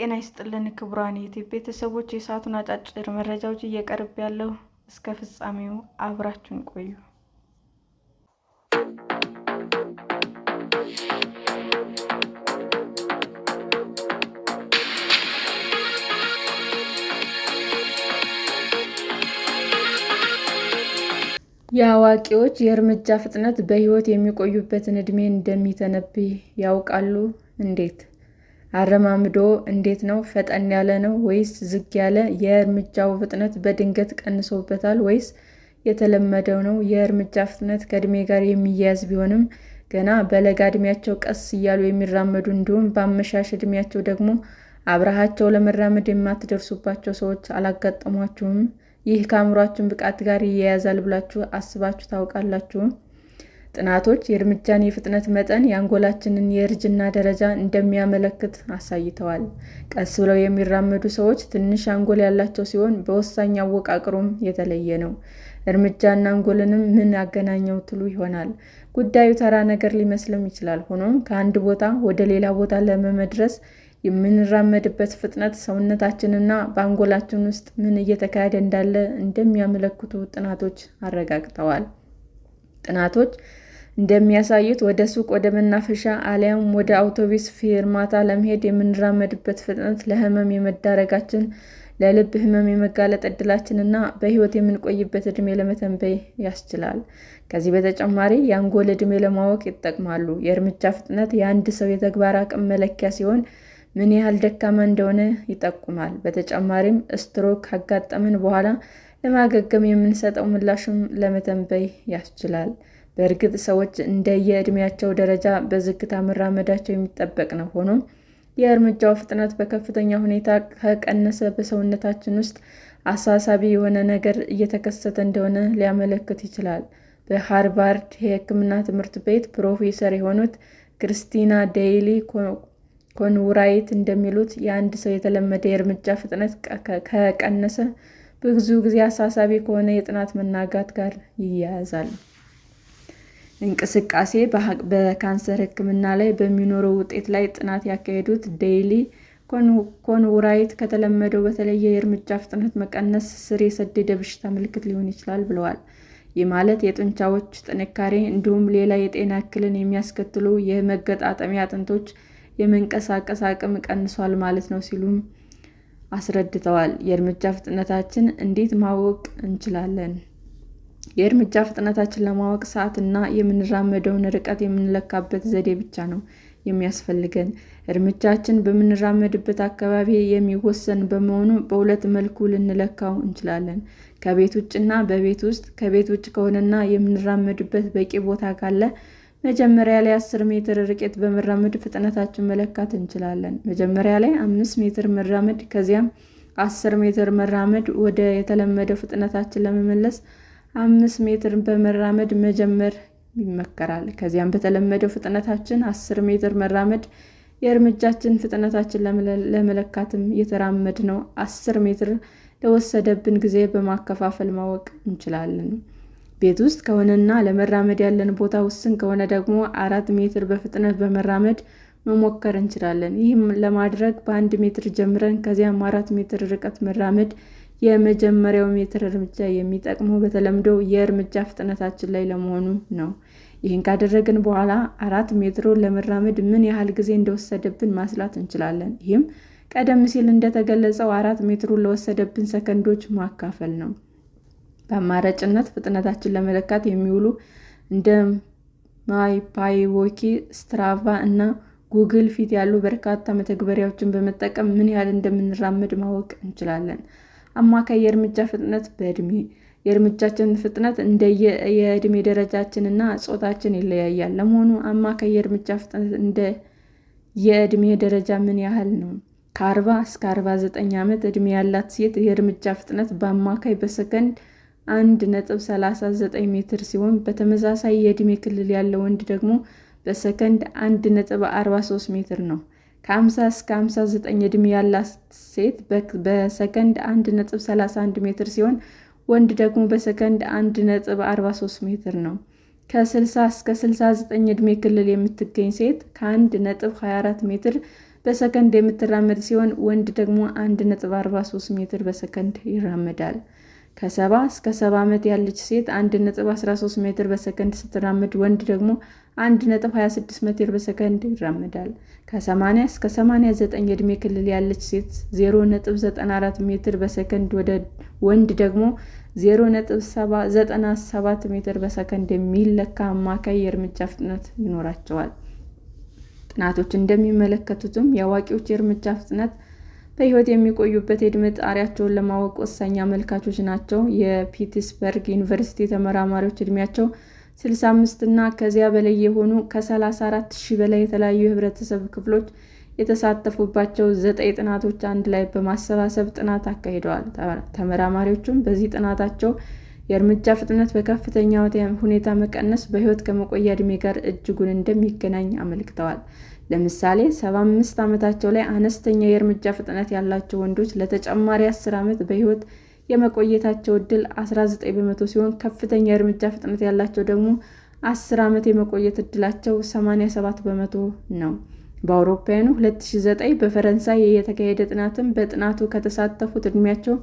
ጤና ይስጥልን ክቡራን ዩቲዩብ ቤተሰቦች፣ የሰዓቱን አጫጭር መረጃዎች እየቀርብ ያለው እስከ ፍጻሜው አብራችን ቆዩ። የአዋቂዎች የእርምጃ ፍጥነት በሕይወት የሚቆዩበትን ዕድሜ እንደሚተነብይ ያውቃሉ እንዴት? አረማምዶ እንዴት ነው? ፈጠን ያለ ነው ወይስ ዝግ ያለ? የእርምጃው ፍጥነት በድንገት ቀንሶበታል ወይስ የተለመደው ነው? የእርምጃ ፍጥነት ከእድሜ ጋር የሚያያዝ ቢሆንም ገና በለጋ እድሜያቸው ቀስ እያሉ የሚራመዱ እንዲሁም በአመሻሽ እድሜያቸው ደግሞ አብረሃቸው ለመራመድ የማትደርሱባቸው ሰዎች አላጋጠሟችሁም? ይህ ከአእምሯችን ብቃት ጋር ይያያዛል ብላችሁ አስባችሁ ታውቃላችሁ? ጥናቶች የእርምጃን የፍጥነት መጠን የአንጎላችንን የእርጅና ደረጃ እንደሚያመለክት አሳይተዋል። ቀስ ብለው የሚራመዱ ሰዎች ትንሽ አንጎል ያላቸው ሲሆን በወሳኝ አወቃቀሩም የተለየ ነው። እርምጃና አንጎልንም ምን አገናኘው ትሉ ይሆናል። ጉዳዩ ተራ ነገር ሊመስልም ይችላል። ሆኖም ከአንድ ቦታ ወደ ሌላ ቦታ ለመመድረስ የምንራመድበት ፍጥነት ሰውነታችንና በአንጎላችን ውስጥ ምን እየተካሄደ እንዳለ እንደሚያመለክቱ ጥናቶች አረጋግጠዋል። ጥናቶች እንደሚያሳዩት ወደ ሱቅ፣ ወደ መናፈሻ አሊያም ወደ አውቶቡስ ፌርማታ ለመሄድ የምንራመድበት ፍጥነት ለህመም የመዳረጋችን፣ ለልብ ህመም የመጋለጥ እድላችን እና በህይወት የምንቆይበት ዕድሜ ለመተንበይ ያስችላል። ከዚህ በተጨማሪ የአንጎል እድሜ ለማወቅ ይጠቅማሉ። የእርምጃ ፍጥነት የአንድ ሰው የተግባር አቅም መለኪያ ሲሆን ምን ያህል ደካማ እንደሆነ ይጠቁማል። በተጨማሪም ስትሮክ ካጋጠመን በኋላ ለማገገም የምንሰጠው ምላሽም ለመተንበይ ያስችላል። በእርግጥ ሰዎች እንደየዕድሜያቸው ደረጃ በዝግታ መራመዳቸው የሚጠበቅ ነው። ሆኖም የእርምጃው ፍጥነት በከፍተኛ ሁኔታ ከቀነሰ በሰውነታችን ውስጥ አሳሳቢ የሆነ ነገር እየተከሰተ እንደሆነ ሊያመለክት ይችላል። በሃርቫርድ የሕክምና ትምህርት ቤት ፕሮፌሰር የሆኑት ክርስቲና ዴይሊ ኮንውራይት እንደሚሉት የአንድ ሰው የተለመደ የእርምጃ ፍጥነት ከቀነሰ ብዙ ጊዜ አሳሳቢ ከሆነ የጥናት መናጋት ጋር ይያያዛል። እንቅስቃሴ በካንሰር ሕክምና ላይ በሚኖረው ውጤት ላይ ጥናት ያካሄዱት ዴይሊ ኮንውራይት ከተለመደው በተለየ የእርምጃ ፍጥነት መቀነስ ስር የሰደደ በሽታ ምልክት ሊሆን ይችላል ብለዋል። ይህ ማለት የጡንቻዎች ጥንካሬ እንዲሁም ሌላ የጤና እክልን የሚያስከትሉ የመገጣጠሚያ አጥንቶች የመንቀሳቀስ አቅም ቀንሷል ማለት ነው ሲሉም አስረድተዋል። የእርምጃ ፍጥነታችን እንዴት ማወቅ እንችላለን? የእርምጃ ፍጥነታችን ለማወቅ እና የምንራመደውን ርቀት የምንለካበት ዘዴ ብቻ ነው የሚያስፈልገን። እርምጃችን በምንራመድበት አካባቢ የሚወሰን በመሆኑ በሁለት መልኩ ልንለካው እንችላለን፤ ከቤት ውጭና በቤት ውስጥ። ከቤት ውጭ ከሆነና የምንራመድበት በቂ ቦታ ካለ መጀመሪያ ላይ አስር ሜትር ርቀት በመራመድ ፍጥነታችን መለካት እንችላለን። መጀመሪያ ላይ አምስት ሜትር መራመድ ከዚያም አስር ሜትር መራመድ ወደ የተለመደ ፍጥነታችን ለመመለስ አምስት ሜትር በመራመድ መጀመር ይመከራል። ከዚያም በተለመደው ፍጥነታችን አስር ሜትር መራመድ የእርምጃችን ፍጥነታችን ለመለካትም ነው። አስር ሜትር ለወሰደብን ጊዜ በማከፋፈል ማወቅ እንችላለን። ቤት ውስጥ ከሆነና ለመራመድ ያለን ቦታ ውስን ከሆነ ደግሞ አራት ሜትር በፍጥነት በመራመድ መሞከር እንችላለን። ይህም ለማድረግ በአንድ ሜትር ጀምረን ከዚያም አራት ሜትር ርቀት መራመድ የመጀመሪያው ሜትር እርምጃ የሚጠቅመው በተለምዶ የእርምጃ ፍጥነታችን ላይ ለመሆኑ ነው። ይህን ካደረግን በኋላ አራት ሜትሮ ለመራመድ ምን ያህል ጊዜ እንደወሰደብን ማስላት እንችላለን። ይህም ቀደም ሲል እንደተገለጸው አራት ሜትሩን ለወሰደብን ሰከንዶች ማካፈል ነው። በአማራጭነት ፍጥነታችን ለመለካት የሚውሉ እንደ ማይፓይዎኪ፣ ስትራቫ እና ጉግል ፊት ያሉ በርካታ መተግበሪያዎችን በመጠቀም ምን ያህል እንደምንራመድ ማወቅ እንችላለን። አማካይ የእርምጃ ፍጥነት በእድሜ የእርምጃችን ፍጥነት እንደ የእድሜ ደረጃችንና ጾታችን ይለያያል። ለመሆኑ አማካይ የእርምጃ ፍጥነት እንደ የእድሜ ደረጃ ምን ያህል ነው? ከ40 እስከ 49 ዓመት እድሜ ያላት ሴት የእርምጃ ፍጥነት በአማካይ በሰከንድ 1.39 ሜትር ሲሆን በተመሳሳይ የእድሜ ክልል ያለው ወንድ ደግሞ በሰከንድ 1.43 ሜትር ነው። ከ50 እስከ 59 እድሜ ያላት ሴት በሰከንድ 1.31 ሜትር ሲሆን ወንድ ደግሞ በሰከንድ 1.43 ሜትር ነው። ከ60 እስከ 69 እድሜ ክልል የምትገኝ ሴት ከ1.24 ሜትር በሰከንድ የምትራመድ ሲሆን ወንድ ደግሞ 1.43 ሜትር በሰከንድ ይራመዳል። ከሰባ እስከ ሰባ ዓመት ያለች ሴት 1.13 ሜትር በሰከንድ ስትራመድ ወንድ ደግሞ 1.26 ሜትር በሰከንድ ይራመዳል። ከ80 እስከ 89 የዕድሜ ክልል ያለች ሴት 0.94 ሜትር በሰከንድ ወደ ወንድ ደግሞ 0.97 ሜትር በሰከንድ የሚለካ አማካይ የእርምጃ ፍጥነት ይኖራቸዋል። ጥናቶች እንደሚመለከቱትም የአዋቂዎች የእርምጃ ፍጥነት በህይወት የሚቆዩበት የዕድሜ ጣሪያቸውን ለማወቅ ወሳኝ አመልካቾች ናቸው። የፒትስበርግ ዩኒቨርሲቲ ተመራማሪዎች እድሜያቸው 65 እና ከዚያ በላይ የሆኑ ከ34 ሺህ በላይ የተለያዩ የህብረተሰብ ክፍሎች የተሳተፉባቸው ዘጠኝ ጥናቶች አንድ ላይ በማሰባሰብ ጥናት አካሂደዋል። ተመራማሪዎቹም በዚህ ጥናታቸው የእርምጃ ፍጥነት በከፍተኛ ሁኔታ መቀነስ በሕይወት ከመቆያ ዕድሜ ጋር እጅጉን እንደሚገናኝ አመልክተዋል። ለምሳሌ፣ 75 ዓመታቸው ላይ አነስተኛ የእርምጃ ፍጥነት ያላቸው ወንዶች ለተጨማሪ 10 ዓመት በሕይወት የመቆየታቸው ዕድል 19 በመቶ ሲሆን፣ ከፍተኛ የእርምጃ ፍጥነት ያላቸው ደግሞ 10 ዓመት የመቆየት ዕድላቸው 87 በመቶ ነው። በአውሮፓውያኑ 2009 በፈረንሳይ የተካሄደ ጥናትም በጥናቱ ከተሳተፉት ዕድሜያቸው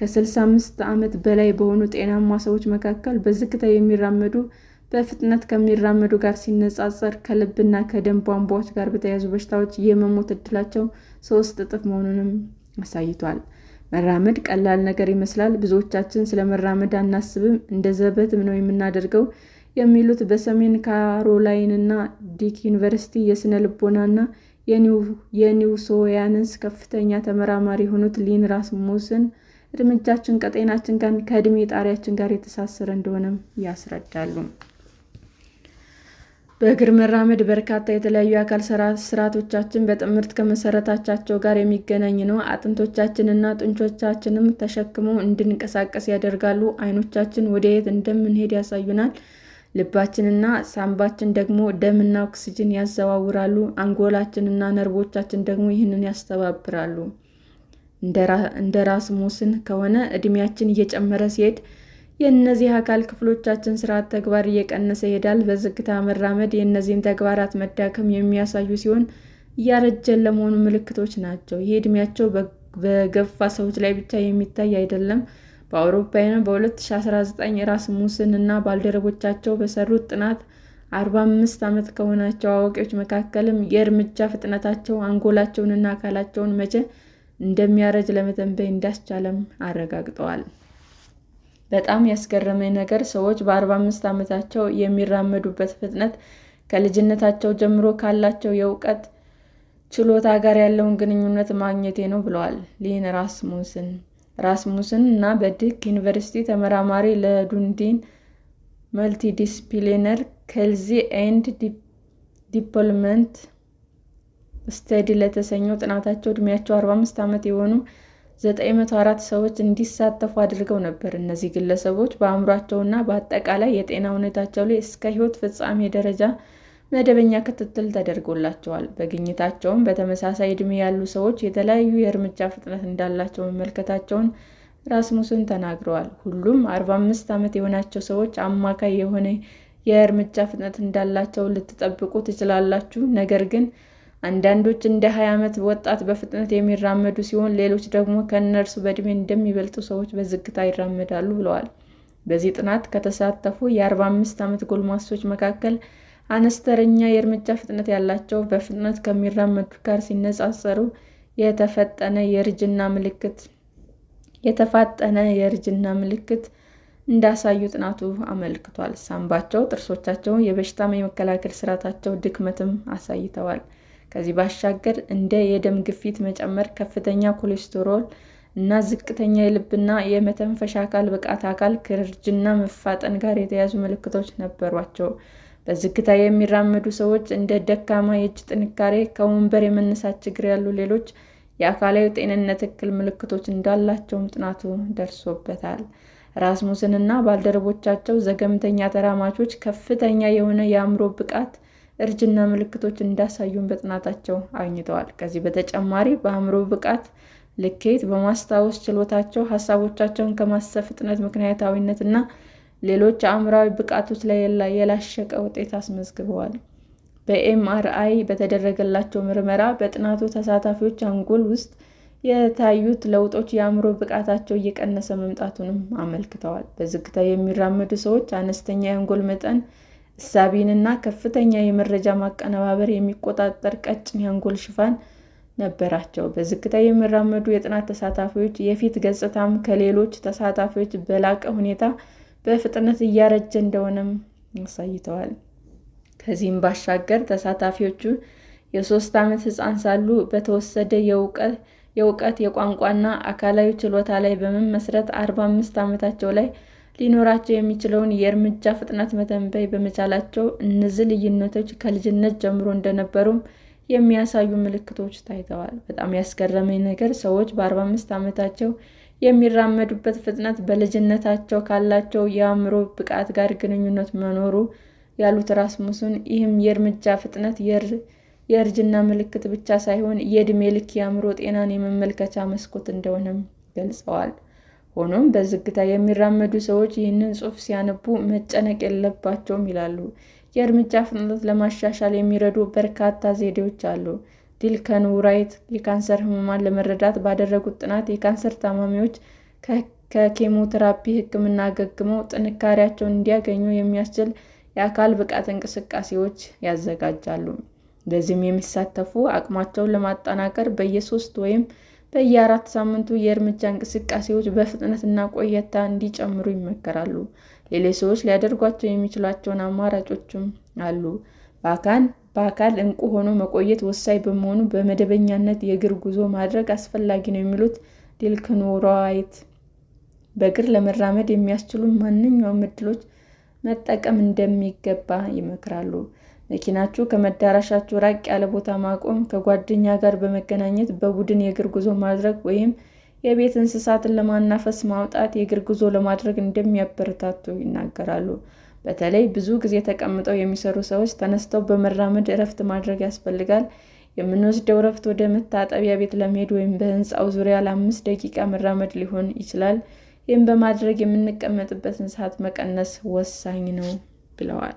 ከ65 ዓመት በላይ በሆኑ ጤናማ ሰዎች መካከል በዝግታ የሚራመዱ በፍጥነት ከሚራመዱ ጋር ሲነጻጸር ከልብና ከደም ቧንቧዎች ጋር በተያያዙ በሽታዎች የመሞት እድላቸው ሶስት እጥፍ መሆኑንም አሳይቷል። መራመድ ቀላል ነገር ይመስላል። ብዙዎቻችን ስለ መራመድ አናስብም፣ እንደ ዘበትም ነው የምናደርገው የሚሉት በሰሜን ካሮላይንና ዲክ ዩኒቨርሲቲ ልቦና ልቦናና የኒውሶያንስ ከፍተኛ ተመራማሪ የሆኑት ሊን ራስሙስን እርምጃችን ከጤናችን ጋር ከእድሜ ጣሪያችን ጋር የተሳሰረ እንደሆነም ያስረዳሉ። በእግር መራመድ በርካታ የተለያዩ የአካል ስርዓቶቻችን በጥምርት ከመሰረታቻቸው ጋር የሚገናኝ ነው። አጥንቶቻችንና ጡንቾቻችንም ተሸክሞ እንድንቀሳቀስ ያደርጋሉ። አይኖቻችን ወደ የት እንደምንሄድ ያሳዩናል። ልባችንና ሳምባችን ደግሞ ደምና ኦክስጅን ያዘዋውራሉ። አንጎላችንና ነርቦቻችን ደግሞ ይህንን ያስተባብራሉ። እንደ ራስሙስን ከሆነ እድሜያችን እየጨመረ ሲሄድ የእነዚህ አካል ክፍሎቻችን ስርዓት ተግባር እየቀነሰ ይሄዳል። በዝግታ መራመድ የእነዚህን ተግባራት መዳከም የሚያሳዩ ሲሆን እያረጀን ለመሆኑ ምልክቶች ናቸው። ይህ እድሜያቸው በገፋ ሰዎች ላይ ብቻ የሚታይ አይደለም። በአውሮፓውያኑ በ2019 ራስሙስን እና ባልደረቦቻቸው በሰሩት ጥናት 45 ዓመት ከሆናቸው አዋቂዎች መካከልም የእርምጃ ፍጥነታቸው አንጎላቸውንና አካላቸውን መቼ እንደሚያረጅ ለመተንበይ እንዳስቻለም አረጋግጠዋል። በጣም ያስገረመኝ ነገር ሰዎች በ45 ዓመታቸው የሚራመዱበት ፍጥነት ከልጅነታቸው ጀምሮ ካላቸው የእውቀት ችሎታ ጋር ያለውን ግንኙነት ማግኘቴ ነው ብለዋል ሊን ራስሙስን። ራስሙስን እና በድክ ዩኒቨርሲቲ ተመራማሪ ለዱንዲን መልቲዲስፕሊነር ኬልዚ ኤንድ ዲቨሎፕመንት ስተዲ ለተሰኘው ጥናታቸው ዕድሜያቸው 45 ዓመት የሆኑ 904 ሰዎች እንዲሳተፉ አድርገው ነበር። እነዚህ ግለሰቦች በአእምሯቸውና በአጠቃላይ የጤና ሁኔታቸው ላይ እስከ ሕይወት ፍጻሜ ደረጃ መደበኛ ክትትል ተደርጎላቸዋል። በግኝታቸውም በተመሳሳይ ዕድሜ ያሉ ሰዎች የተለያዩ የእርምጃ ፍጥነት እንዳላቸው መመልከታቸውን ራስሙስን ተናግረዋል። ሁሉም 45 ዓመት የሆናቸው ሰዎች አማካይ የሆነ የእርምጃ ፍጥነት እንዳላቸው ልትጠብቁ ትችላላችሁ፣ ነገር ግን አንዳንዶች እንደ 20 ዓመት ወጣት በፍጥነት የሚራመዱ ሲሆን፣ ሌሎች ደግሞ ከእነርሱ በእድሜ እንደሚበልጡ ሰዎች በዝግታ ይራመዳሉ ብለዋል። በዚህ ጥናት ከተሳተፉ የ45 ዓመት ጎልማሶች መካከል አነስተረኛ የእርምጃ ፍጥነት ያላቸው በፍጥነት ከሚራመዱ ጋር ሲነጻጸሩ የተፈጠነ የእርጅና ምልክት የተፋጠነ የእርጅና ምልክት እንዳሳዩ ጥናቱ አመልክቷል። ሳንባቸው፣ ጥርሶቻቸው፣ የበሽታ የመከላከል ስርዓታቸው ድክመትም አሳይተዋል። ከዚህ ባሻገር እንደ የደም ግፊት መጨመር፣ ከፍተኛ ኮሌስትሮል እና ዝቅተኛ የልብና የመተንፈሻ አካል ብቃት አካል ክርጅና መፋጠን ጋር የተያያዙ ምልክቶች ነበሯቸው። በዝግታ የሚራመዱ ሰዎች፣ እንደ ደካማ የእጅ ጥንካሬ፣ ከወንበር የመነሳት ችግር ያሉ ሌሎች የአካላዊ ጤንነት እክል ምልክቶች እንዳላቸውም ጥናቱ ደርሶበታል። ራስሙስን እና ባልደረቦቻቸው ዘገምተኛ ተራማቾች ከፍተኛ የሆነ የአእምሮ ብቃት እርጅና ምልክቶች እንዳሳዩን በጥናታቸው አግኝተዋል። ከዚህ በተጨማሪ በአእምሮ ብቃት ልኬት፣ በማስታወስ ችሎታቸው፣ ሀሳቦቻቸውን ከማሰብ ፍጥነት፣ ምክንያታዊነት እና ሌሎች አእምራዊ ብቃቶች ላይ የላሸቀ ውጤት አስመዝግበዋል። በኤምአርአይ በተደረገላቸው ምርመራ በጥናቱ ተሳታፊዎች አንጎል ውስጥ የታዩት ለውጦች የአእምሮ ብቃታቸው እየቀነሰ መምጣቱንም አመልክተዋል። በዝግታ የሚራመዱ ሰዎች አነስተኛ የአንጎል መጠን ና ከፍተኛ የመረጃ ማቀነባበር የሚቆጣጠር ቀጭን የአንጎል ሽፋን ነበራቸው። በዝግታ የሚራመዱ የጥናት ተሳታፊዎች የፊት ገጽታም ከሌሎች ተሳታፊዎች በላቀ ሁኔታ በፍጥነት እያረጀ እንደሆነም አሳይተዋል። ከዚህም ባሻገር ተሳታፊዎቹ የሶስት ዓመት ሕፃን ሳሉ በተወሰደ የእውቀት የቋንቋና አካላዊ ችሎታ ላይ በመመስረት አርባ አምስት ዓመታቸው ላይ ሊኖራቸው የሚችለውን የእርምጃ ፍጥነት መተንበይ በመቻላቸው እነዚህ ልዩነቶች ከልጅነት ጀምሮ እንደነበሩም የሚያሳዩ ምልክቶች ታይተዋል። በጣም ያስገረመኝ ነገር ሰዎች በ45 ዓመታቸው የሚራመዱበት ፍጥነት በልጅነታቸው ካላቸው የአእምሮ ብቃት ጋር ግንኙነት መኖሩ ያሉት ራስሙሰን፣ ይህም የእርምጃ ፍጥነት የእርጅና ምልክት ብቻ ሳይሆን የዕድሜ ልክ የአእምሮ ጤናን የመመልከቻ መስኮት እንደሆነም ገልጸዋል። ሆኖም በዝግታ የሚራመዱ ሰዎች ይህንን ጽሑፍ ሲያነቡ መጨነቅ የለባቸውም ይላሉ። የእርምጃ ፍጥነት ለማሻሻል የሚረዱ በርካታ ዘዴዎች አሉ። ዲል የካንሰር ህሙማን ለመረዳት ባደረጉት ጥናት የካንሰር ታማሚዎች ከኬሞቴራፒ ሕክምና አገግመው ጥንካሬያቸውን እንዲያገኙ የሚያስችል የአካል ብቃት እንቅስቃሴዎች ያዘጋጃሉ። በዚህም የሚሳተፉ አቅማቸውን ለማጠናከር በየሶስት ወይም በየአራት ሳምንቱ የእርምጃ እንቅስቃሴዎች በፍጥነትና ቆይታ እንዲጨምሩ ይመከራሉ። ሌሎች ሰዎች ሊያደርጓቸው የሚችሏቸውን አማራጮችም አሉ። በአካል እንቁ ሆኖ መቆየት ወሳኝ በመሆኑ በመደበኛነት የእግር ጉዞ ማድረግ አስፈላጊ ነው የሚሉት ዲልክኖራይት በእግር ለመራመድ የሚያስችሉ ማንኛውም እድሎች መጠቀም እንደሚገባ ይመክራሉ። መኪናችሁ ከመዳረሻችሁ ራቅ ያለ ቦታ ማቆም፣ ከጓደኛ ጋር በመገናኘት በቡድን የእግር ጉዞ ማድረግ ወይም የቤት እንስሳትን ለማናፈስ ማውጣት የእግር ጉዞ ለማድረግ እንደሚያበረታቱ ይናገራሉ። በተለይ ብዙ ጊዜ ተቀምጠው የሚሰሩ ሰዎች ተነስተው በመራመድ እረፍት ማድረግ ያስፈልጋል። የምንወስደው እረፍት ወደ መታጠቢያ ቤት ለመሄድ ወይም በህንፃው ዙሪያ ለአምስት ደቂቃ መራመድ ሊሆን ይችላል። ይህም በማድረግ የምንቀመጥበትን ሰዓት መቀነስ ወሳኝ ነው ብለዋል።